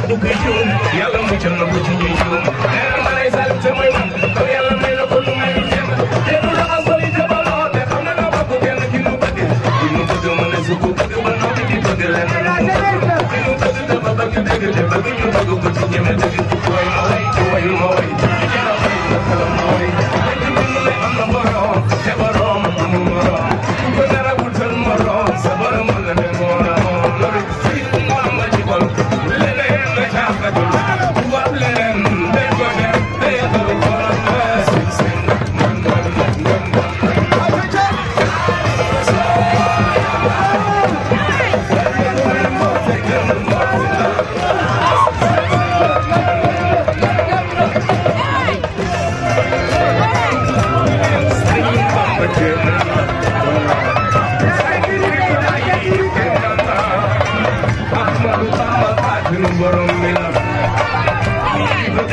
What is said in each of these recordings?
tax du koy juum yàlla muccal na ko ci ñuy juum neena ma lay salim te mooy man ko yàlla may la ko lu may lu kenn kenn du raxas soli te ba loxo te xam na nga bëgg kenn ki nu ki nu bëgg mën a sukk bëgg ba di bëgg lenn ki nu bëgg te ba bëgg ci ñeme dëgg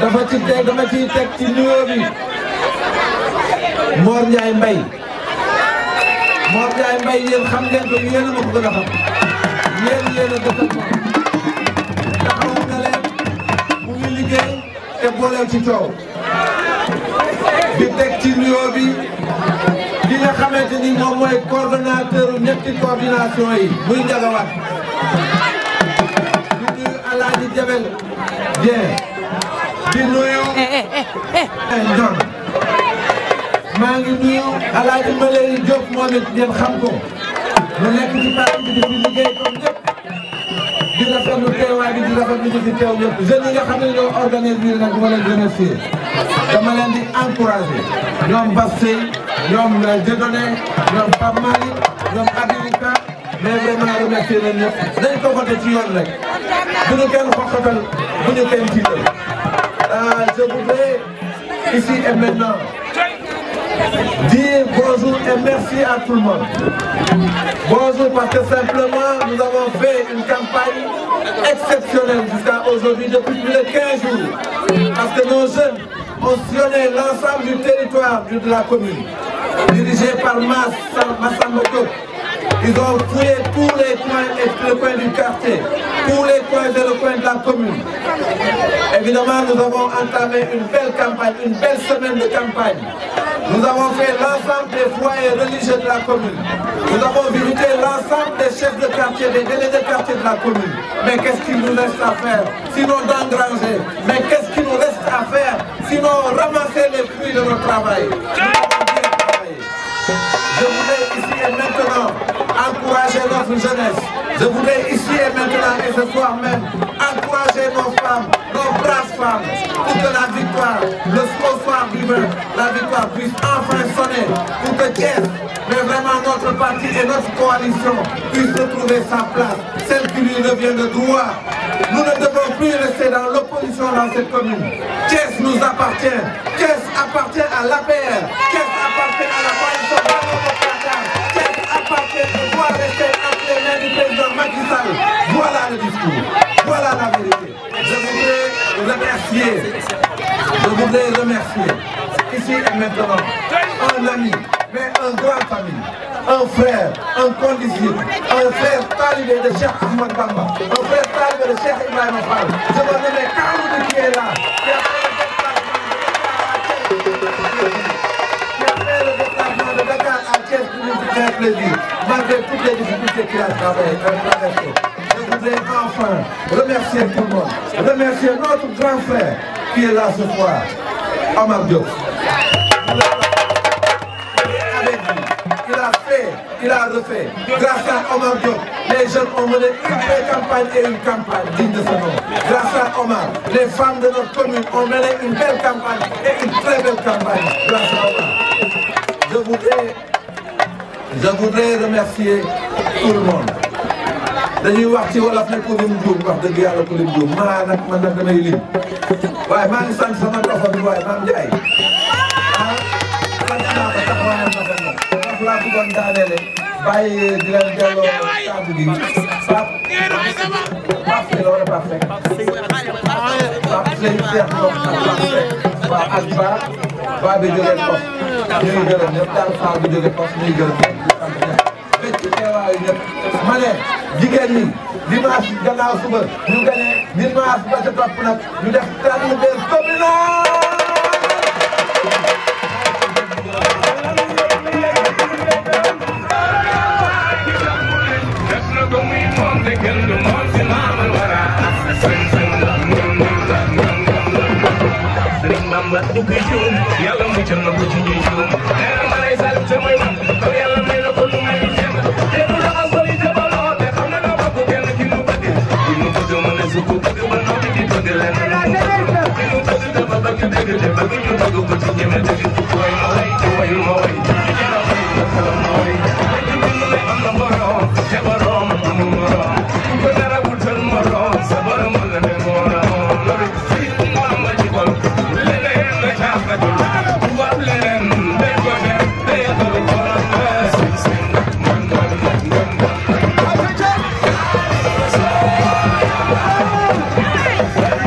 dafa ci teg dama ci nuyoo bi Mor Ndiaye Mbaye Mor Ndiaye Mbaye xam ngeen ko yéen a ma ko gën xam yéen yéen a dëkk ci coow di teg ci nuyoo bi di nga xamante ni moom mooy coordonnateur u ñetti coordination yi muy njagawaat di nuyu Alaaji Jabel Dieng di nuyu. John eh, eh, eh, maa ngi nuyu El Hadj Mbale Diop moom it ngeen xam ko mu nekk ci parti bi di fi liggéey comme ñëpp di rafetlu teewaay bi di rafetlu ñu fi teew ñëpp jeunes yi nga xam ne ñoo organisé bi nag ma leen remercier dama leen di encouragé ñoom Basse ñoom euh, Dieudonné ñoom Pape Malick ñoom Adelika mais vraiment remercier leen ñëpp dañ ko voté ci yoon rek bu ñu kenn xoxatal bu ñu kenn tiital Ah, je voudrais, ici et maintenant, dire bonjour et merci à tout le monde. Bonjour parce que simplement, nous avons fait une campagne exceptionnelle jusqu'à aujourd'hui, depuis plus de 15 jours. Parce que nos jeunes ont sillonné l'ensemble du territoire de la commune, dirigé par Massa moto ils ont fouillé tous les coins et le coin du quartier, tous les coins et le coin de la commune. Évidemment, nous avons entamé une belle campagne, une belle semaine de campagne. Nous avons fait l'ensemble des foyers religieux de la commune. Nous avons visité l'ensemble des chefs de quartier, des délais de quartier de la commune. Mais qu'est-ce qu'il nous reste à faire Sinon d'engranger. Mais qu'est-ce qu'il nous reste à faire Sinon ramasser les fruits de notre travail. Je voulais ici et maintenant jeunesse. Je voudrais ici et maintenant et ce soir même encourager nos femmes, nos braves femmes, pour que la victoire, le soir la victoire puisse enfin sonner, pour que Kies, mais vraiment notre parti et notre coalition puisse retrouver sa place, celle qui lui revient de droit. Nous ne devons plus rester dans l'opposition dans cette commune. Qu'est-ce nous appartient, Qu'est-ce appartient à l'APR, Thiès appartient à la coalition. Macky voilà le discours voilà la vérité je voudrais remercier je voudrais remercier ici et maintenant un ami mais un grand ami un frère un condisciple un frère talibé de Cheikh Ahmad Bamba un frère talibé de Cheikh Ibrahim Afal, je me nomme Kaamoudou qui est là qui a fait le déplacement de Dakar malgré toutes les difficultés qu'il a euh, traversées. Je voudrais enfin remercier tout le monde, remercier notre grand frère qui est là ce soir, Omar Diop. Il a fait, il a refait. Grâce à Omar Diop, les jeunes ont mené une belle campagne et une campagne digne de ce nom. Grâce à Omar, les femmes de notre commune ont mené une belle campagne et une très belle campagne. Grâce à Omar. Je voudrais je voudrais remercier tout le monde dañuy wax ci wolof ne ku lim juum wax dëgg yàlla ku lim juum maa nag man nag damay lim waaye maa ngi sant sama dofa bi waaye maam Ndiaye ah sant naa ko taxaw na ma ko moom ndax laa bëggoon daaneele bàyyi di leen delloo kàddu gi Pape Pape Seye la wala Pape Seye Pape Seye Cheikh Ndong ak Pape Seye waaw ak Ba ba bi jógee foofu ñu ngi gërëm ñëpp daal faa bi jógee foofu ñu ngi gërëm ñëpp ci teewaayu ñëpp ma ne jigéen ñi dimanche gannaaw suba ñu gagné dimanche ba ca topp nag ñu def tànn des communal Let's go. Vai!